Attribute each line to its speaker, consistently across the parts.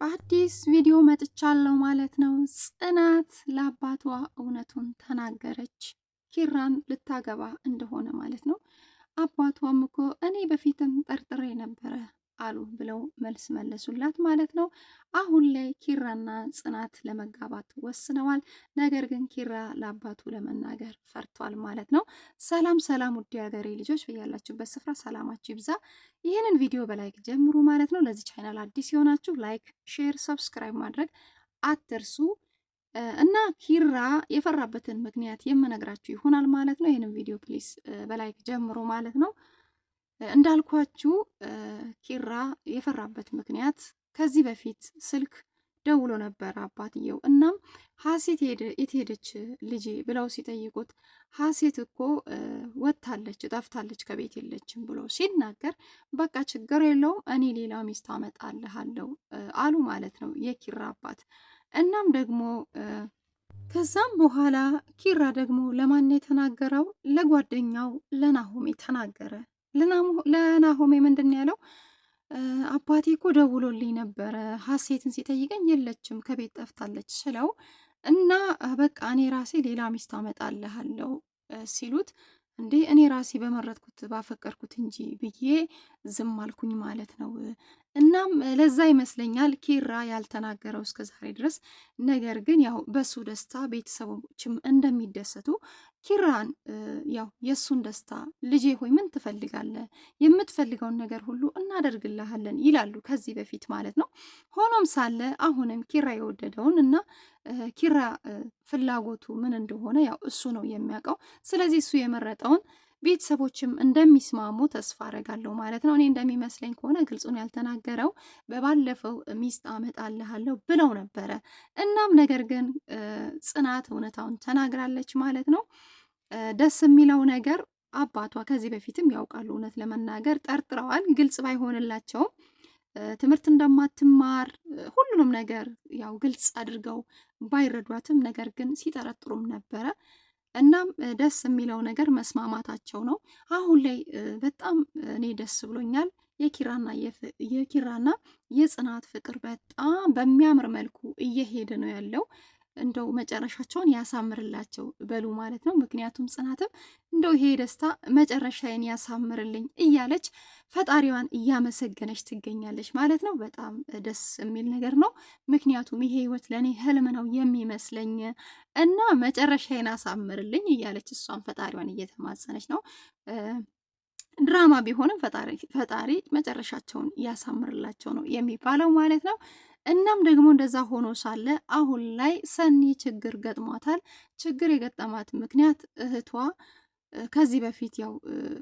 Speaker 1: በአዲስ ቪዲዮ መጥቻለሁ ማለት ነው። ጽናት ለአባቷ እውነቱን ተናገረች። ኪራን ልታገባ እንደሆነ ማለት ነው። አባቷም እኮ እኔ በፊትም ጠርጥሬ ነበረ አሉ ብለው መልስ መለሱላት ማለት ነው። አሁን ላይ ኪራና ጽናት ለመጋባት ወስነዋል። ነገር ግን ኪራ ለአባቱ ለመናገር ፈርቷል ማለት ነው። ሰላም ሰላም፣ ውድ ሀገሬ ልጆች በያላችሁበት ስፍራ ሰላማችሁ ይብዛ። ይህንን ቪዲዮ በላይክ ጀምሩ ማለት ነው። ለዚህ ቻይናል አዲስ የሆናችሁ ላይክ፣ ሼር፣ ሰብስክራይብ ማድረግ አትርሱ እና ኪራ የፈራበትን ምክንያት የምነግራችሁ ይሆናል ማለት ነው። ይህንን ቪዲዮ ፕሊስ በላይክ ጀምሩ ማለት ነው። እንዳልኳችሁ ኪራ የፈራበት ምክንያት ከዚህ በፊት ስልክ ደውሎ ነበረ አባትየው። እናም ሀሴት የት ሄደች ልጄ ብለው ሲጠይቁት ሀሴት እኮ ወጥታለች፣ ጠፍታለች፣ ከቤት የለችም ብሎ ሲናገር በቃ ችግር የለውም እኔ ሌላ ሚስት አመጣልሃለሁ አሉ ማለት ነው የኪራ አባት። እናም ደግሞ ከዛም በኋላ ኪራ ደግሞ ለማን የተናገረው? ለጓደኛው ለናሆሜ ተናገረ። ለናሆሜ ምንድን ያለው አባቴ እኮ ደውሎልኝ ነበረ ሀሴትን ሲጠይቀኝ የለችም ከቤት ጠፍታለች ስለው እና በቃ እኔ ራሴ ሌላ ሚስት አመጣልሃለሁ ሲሉት እንዴ እኔ ራሴ በመረጥኩት ባፈቀርኩት እንጂ ብዬ ዝም አልኩኝ ማለት ነው። እናም ለዛ ይመስለኛል ኪራ ያልተናገረው እስከ ዛሬ ድረስ። ነገር ግን ያው በሱ ደስታ ቤተሰቦችም እንደሚደሰቱ ኪራን ያው የእሱን ደስታ ልጄ ሆይ ምን ትፈልጋለህ? የምትፈልገውን ነገር ሁሉ እናደርግልሃለን ይላሉ፣ ከዚህ በፊት ማለት ነው። ሆኖም ሳለ አሁንም ኪራ የወደደውን እና ኪራ ፍላጎቱ ምን እንደሆነ ያው እሱ ነው የሚያውቀው። ስለዚህ እሱ የመረጠውን ቤተሰቦችም እንደሚስማሙ ተስፋ አረጋለሁ ማለት ነው። እኔ እንደሚመስለኝ ከሆነ ግልጹን ያልተናገረው በባለፈው ሚስት አመጣልሃለሁ ብለው ነበረ። እናም ነገር ግን ጽናት እውነታውን ተናግራለች ማለት ነው። ደስ የሚለው ነገር አባቷ ከዚህ በፊትም ያውቃሉ። እውነት ለመናገር ጠርጥረዋል፣ ግልጽ ባይሆንላቸውም ትምህርት እንደማትማር ሁሉንም ነገር ያው ግልጽ አድርገው ባይረዷትም ነገር ግን ሲጠረጥሩም ነበረ። እናም ደስ የሚለው ነገር መስማማታቸው ነው። አሁን ላይ በጣም እኔ ደስ ብሎኛል። የኪራና የኪራና የጽናት ፍቅር በጣም በሚያምር መልኩ እየሄደ ነው ያለው። እንደው መጨረሻቸውን ያሳምርላቸው በሉ ማለት ነው። ምክንያቱም ጽናትም እንደው ይሄ ደስታ መጨረሻዬን ያሳምርልኝ እያለች ፈጣሪዋን እያመሰገነች ትገኛለች ማለት ነው። በጣም ደስ የሚል ነገር ነው። ምክንያቱም ይሄ ህይወት ለእኔ ህልም ነው የሚመስለኝ እና መጨረሻዬን አሳምርልኝ እያለች እሷን ፈጣሪዋን እየተማጸነች ነው። ድራማ ቢሆንም ፈጣሪ መጨረሻቸውን ያሳምርላቸው ነው የሚባለው ማለት ነው። እናም ደግሞ እንደዛ ሆኖ ሳለ አሁን ላይ ሰኒ ችግር ገጥሟታል። ችግር የገጠማት ምክንያት እህቷ ከዚህ በፊት ያው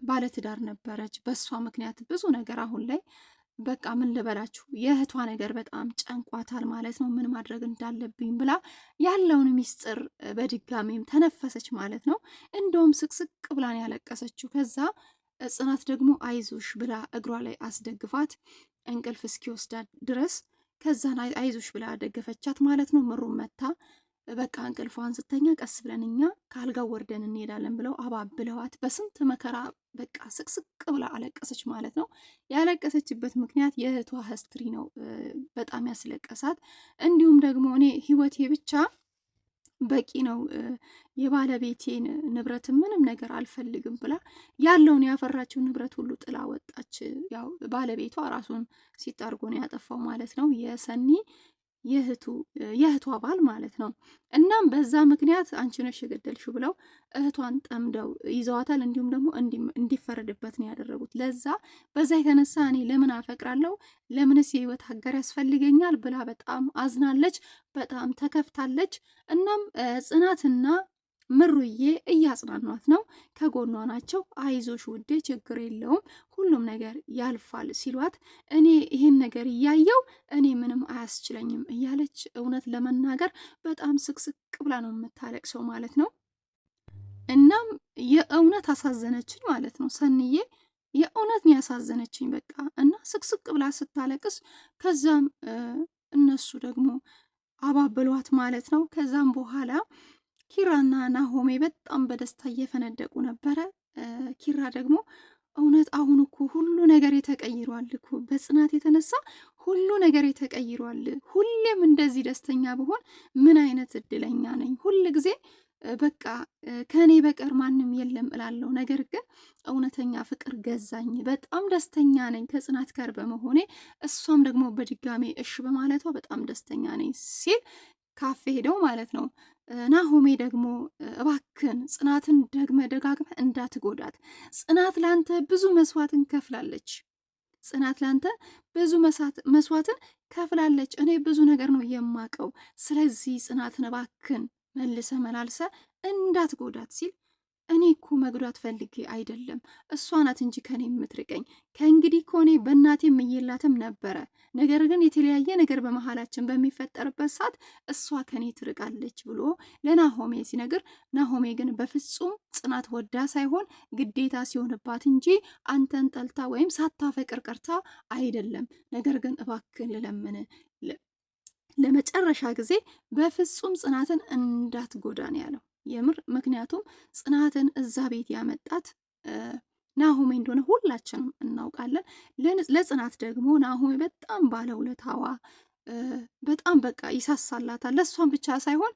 Speaker 1: ባለትዳር ነበረች። በእሷ ምክንያት ብዙ ነገር አሁን ላይ በቃ ምን ልበላችሁ የእህቷ ነገር በጣም ጨንቋታል ማለት ነው። ምን ማድረግ እንዳለብኝ ብላ ያለውን ሚስጥር በድጋሚም ተነፈሰች ማለት ነው። እንደውም ስቅስቅ ብላን ያለቀሰችው። ከዛ ጽናት ደግሞ አይዞሽ ብላ እግሯ ላይ አስደግፋት እንቅልፍ እስኪወስዳት ድረስ ከዛን አይዞሽ ብላ ደገፈቻት ማለት ነው። ምሩን መታ በቃ እንቅልፏን ስተኛ ቀስ ብለን እኛ ከአልጋው ወርደን እንሄዳለን ብለው አባብለዋት በስንት መከራ በቃ ስቅስቅ ብላ አለቀሰች ማለት ነው። ያለቀሰችበት ምክንያት የእህቷ ህስትሪ ነው በጣም ያስለቀሳት። እንዲሁም ደግሞ እኔ ህይወቴ ብቻ በቂ ነው የባለቤቴን ንብረት ምንም ነገር አልፈልግም ብላ ያለውን ያፈራችው ንብረት ሁሉ ጥላ ወጣች። ያው ባለቤቷ ራሱን ሲታርጎ ነው ያጠፋው ማለት ነው የሰኒ የእህቷ ባል ማለት ነው። እናም በዛ ምክንያት አንቺ ነሽ የገደልሽው ብለው እህቷን ጠምደው ይዘዋታል። እንዲሁም ደግሞ እንዲፈረድበት ነው ያደረጉት። ለዛ በዛ የተነሳ እኔ ለምን አፈቅራለሁ ለምንስ የህይወት ሀገር ያስፈልገኛል ብላ በጣም አዝናለች፣ በጣም ተከፍታለች። እናም ጽናትና ምሩዬ እያጽናኗት ነው። ከጎኗ ናቸው። አይዞሽ ውዴ፣ ችግር የለውም ሁሉም ነገር ያልፋል ሲሏት እኔ ይህን ነገር እያየው እኔ ምንም አያስችለኝም እያለች እውነት ለመናገር በጣም ስቅስቅ ብላ ነው የምታለቅሰው ማለት ነው። እናም የእውነት አሳዘነችኝ ማለት ነው ሰንዬ የእውነት ያሳዘነችኝ በቃ እና ስቅስቅ ብላ ስታለቅስ ከዛም እነሱ ደግሞ አባብሏት ማለት ነው። ከዛም በኋላ ኪራና ናሆሜ በጣም በደስታ እየፈነደቁ ነበረ። ኪራ ደግሞ እውነት አሁን እኮ ሁሉ ነገር የተቀይሯል እኮ በጽናት የተነሳ ሁሉ ነገር የተቀይሯል። ሁሌም እንደዚህ ደስተኛ ብሆን ምን አይነት እድለኛ ነኝ! ሁል ጊዜ በቃ ከእኔ በቀር ማንም የለም እላለሁ። ነገር ግን እውነተኛ ፍቅር ገዛኝ። በጣም ደስተኛ ነኝ ከጽናት ጋር በመሆኔ እሷም ደግሞ በድጋሜ እሽ በማለቷ በጣም ደስተኛ ነኝ ሲል ካፌ ሄደው ማለት ነው ናሆሜ ደግሞ እባክን ጽናትን ደግመ ደጋግመ እንዳትጎዳት፣ ጽናት ላንተ ብዙ መስዋዕትን ከፍላለች። ጽናት ላንተ ብዙ መስዋዕትን ከፍላለች። እኔ ብዙ ነገር ነው የማቀው። ስለዚህ ጽናትን እባክን መልሰ መላልሰ እንዳትጎዳት ሲል እኔ እኮ መጉዳት ፈልጌ አይደለም፣ እሷ ናት እንጂ ከኔ የምትርቀኝ። ከእንግዲህ ከሆኔ በእናቴ የምየላትም ነበረ። ነገር ግን የተለያየ ነገር በመሀላችን በሚፈጠርበት ሰዓት እሷ ከኔ ትርቃለች ብሎ ለናሆሜ ሲነግር፣ ናሆሜ ግን በፍጹም ጽናት ወዳ ሳይሆን ግዴታ ሲሆንባት እንጂ አንተን ጠልታ ወይም ሳታፈቅር ቀርታ አይደለም። ነገር ግን እባክን ልለምን ለመጨረሻ ጊዜ በፍጹም ጽናትን እንዳትጎዳን ያለው የምር ምክንያቱም ጽናትን እዛ ቤት ያመጣት ናሆሜ እንደሆነ ሁላችንም እናውቃለን። ለጽናት ደግሞ ናሆሜ በጣም ባለውለታዋ በጣም በቃ ይሳሳላታል። ለእሷን ብቻ ሳይሆን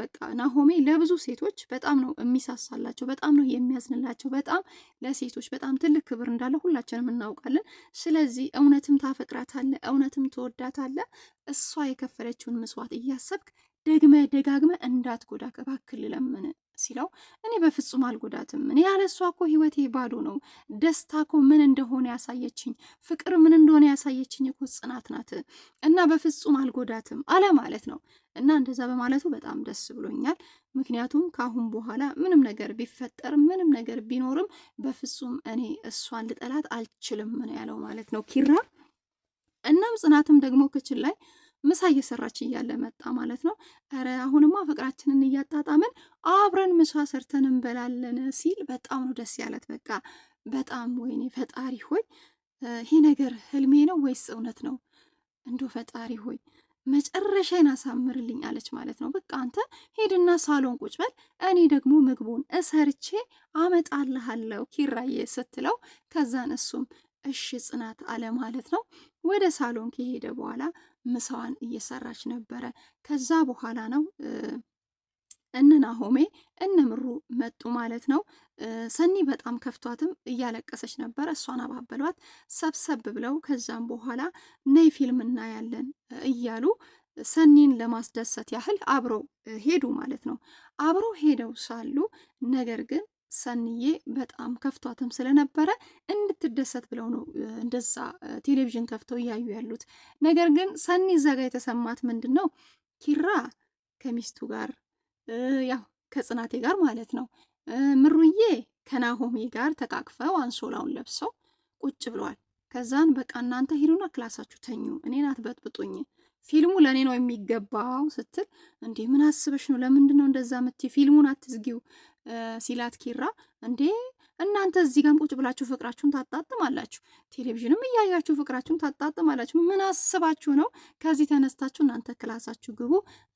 Speaker 1: በቃ ናሆሜ ለብዙ ሴቶች በጣም ነው የሚሳሳላቸው፣ በጣም ነው የሚያዝንላቸው፣ በጣም ለሴቶች በጣም ትልቅ ክብር እንዳለ ሁላችንም እናውቃለን። ስለዚህ እውነትም ታፈቅራታለ እውነትም ትወዳታለ እሷ የከፈለችውን መስዋዕት እያሰብክ ደግመ ደጋግመ እንዳትጎዳ እባክህ ልለምን ሲለው እኔ በፍጹም አልጎዳትም። እኔ ያለ እሷ እኮ ህይወቴ ባዶ ነው። ደስታ እኮ ምን እንደሆነ ያሳየችኝ፣ ፍቅር ምን እንደሆነ ያሳየችኝ እኮ ጽናት ናት እና በፍጹም አልጎዳትም አለ ማለት ነው። እና እንደዛ በማለቱ በጣም ደስ ብሎኛል። ምክንያቱም ከአሁን በኋላ ምንም ነገር ቢፈጠር ምንም ነገር ቢኖርም በፍጹም እኔ እሷን ልጠላት አልችልም ነው ያለው ማለት ነው ኪራ። እናም ጽናትም ደግሞ ክችል ላይ ምሳ እየሰራች እያለ መጣ ማለት ነው። ኧረ አሁንማ ፍቅራችንን እያጣጣምን አብረን ምሳ ሰርተን እንበላለን ሲል በጣም ነው ደስ ያለት። በቃ በጣም ወይኔ ፈጣሪ ሆይ ይሄ ነገር ህልሜ ነው ወይስ እውነት ነው? እንዶ ፈጣሪ ሆይ መጨረሻዬን አሳምርልኝ አለች ማለት ነው። በቃ አንተ ሄድና ሳሎን ቁጭ በል፣ እኔ ደግሞ ምግቡን እሰርቼ አመጣልሃለሁ ኪራዬ ስትለው ከዛን እሱም እሺ ጽናት አለ ማለት ነው። ወደ ሳሎን ከሄደ በኋላ ምሳዋን እየሰራች ነበረ። ከዛ በኋላ ነው እነ ናሆሜ እነ ምሩ መጡ ማለት ነው። ሰኒ በጣም ከፍቷትም እያለቀሰች ነበር። እሷን አባበሏት ሰብሰብ ብለው። ከዛም በኋላ ነይ ፊልም እናያለን እያሉ ሰኒን ለማስደሰት ያህል አብረው ሄዱ ማለት ነው። አብረው ሄደው ሳሉ ነገር ግን ሰንዬ በጣም ከፍቷትም ስለነበረ እንድትደሰት ብለው ነው እንደዛ ቴሌቪዥን ከፍተው እያዩ ያሉት። ነገር ግን ሰኒ እዛ ጋር የተሰማት ምንድን ነው ኪራ ከሚስቱ ጋር ያው ከጽናቴ ጋር ማለት ነው፣ ምሩዬ ከናሆሜ ጋር ተቃቅፈው አንሶላውን ለብሰው ቁጭ ብለዋል። ከዛን በቃ እናንተ ሂዱና ክላሳችሁ ተኙ፣ እኔን አትበጥብጡኝ ፊልሙ ለእኔ ነው የሚገባው ስትል፣ እንዴ ምን አስበሽ ነው? ለምንድን ነው እንደዛ ምት ፊልሙን አትዝጊው ሲላት ኪራ እንዴ እናንተ እዚህ ጋም ቁጭ ብላችሁ ፍቅራችሁን ታጣጥማላችሁ፣ ቴሌቪዥንም እያያችሁ ፍቅራችሁን ታጣጥማላችሁ። ምን አስባችሁ ነው? ከዚህ ተነስታችሁ እናንተ ክላሳችሁ ግቡ።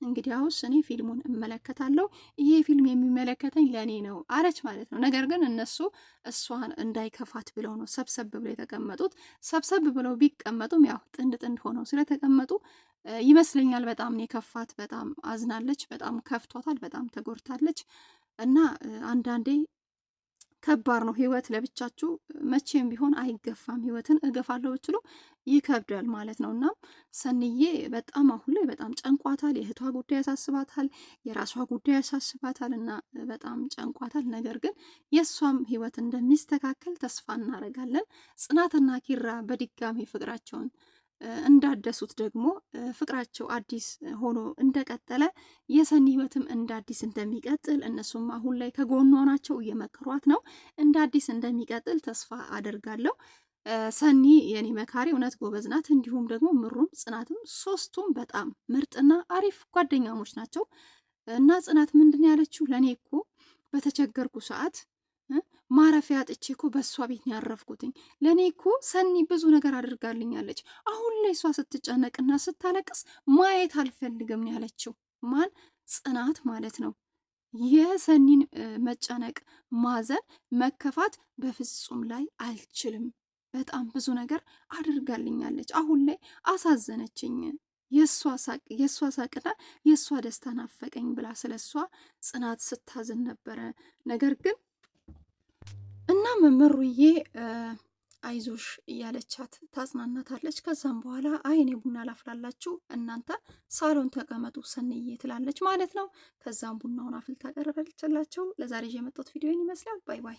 Speaker 1: እንግዲያውስ እኔ ፊልሙን እመለከታለሁ፣ ይሄ ፊልም የሚመለከተኝ ለእኔ ነው አለች ማለት ነው። ነገር ግን እነሱ እሷን እንዳይከፋት ብለው ነው ሰብሰብ ብለው የተቀመጡት። ሰብሰብ ብለው ቢቀመጡም ያው ጥንድ ጥንድ ሆነው ስለተቀመጡ ይመስለኛል በጣም ነው የከፋት። በጣም አዝናለች፣ በጣም ከፍቷታል፣ በጣም ተጎድታለች። እና አንዳንዴ ከባድ ነው ህይወት ለብቻችሁ መቼም ቢሆን አይገፋም። ህይወትን እገፋለሁ ብችሉ ይከብዳል ማለት ነው። እና ሰንዬ በጣም አሁን ላይ በጣም ጨንቋታል። የእህቷ ጉዳይ ያሳስባታል፣ የራሷ ጉዳይ ያሳስባታል እና በጣም ጨንቋታል። ነገር ግን የእሷም ህይወት እንደሚስተካከል ተስፋ እናደርጋለን። ጽናትና ኪራ በድጋሚ ፍቅራቸውን እንዳደሱት ደግሞ ፍቅራቸው አዲስ ሆኖ እንደቀጠለ የሰኒ ህይወትም እንደ አዲስ እንደሚቀጥል እነሱም አሁን ላይ ከጎኗ ናቸው፣ እየመከሯት ነው። እንደ አዲስ እንደሚቀጥል ተስፋ አደርጋለሁ። ሰኒ የኔ መካሪ እውነት ጎበዝ ናት። እንዲሁም ደግሞ ምሩም ጽናትም ሶስቱም በጣም ምርጥና አሪፍ ጓደኛሞች ናቸው እና ጽናት ምንድን ያለችው ለእኔ እኮ በተቸገርኩ ሰዓት ማረፊያ አጥቼ እኮ በእሷ ቤት ያረፍኩትኝ። ለእኔ እኮ ሰኒ ብዙ ነገር አድርጋልኛለች። አሁን ላይ እሷ ስትጨነቅና ስታለቅስ ማየት አልፈልግም ያለችው። ማን ጽናት ማለት ነው። የሰኒን መጨነቅ፣ ማዘን፣ መከፋት በፍጹም ላይ አልችልም። በጣም ብዙ ነገር አድርጋልኛለች። አሁን ላይ አሳዘነችኝ። የእሷ ሳቅና የእሷ ደስታ ናፈቀኝ ብላ ስለ እሷ ጽናት ስታዝን ነበረ። ነገር ግን እና ምሩዬ አይዞሽ እያለቻት ታጽናናታለች። ከዛም በኋላ አይ እኔ ቡና ላፍላላችሁ እናንተ ሳሎን ተቀመጡ ሰንዬ ትላለች ማለት ነው። ከዛም ቡናውን አፍልታ ቀረበችላቸው። ለዛሬ የመጣሁት ቪዲዮን ይመስላል። ባይ ባይ።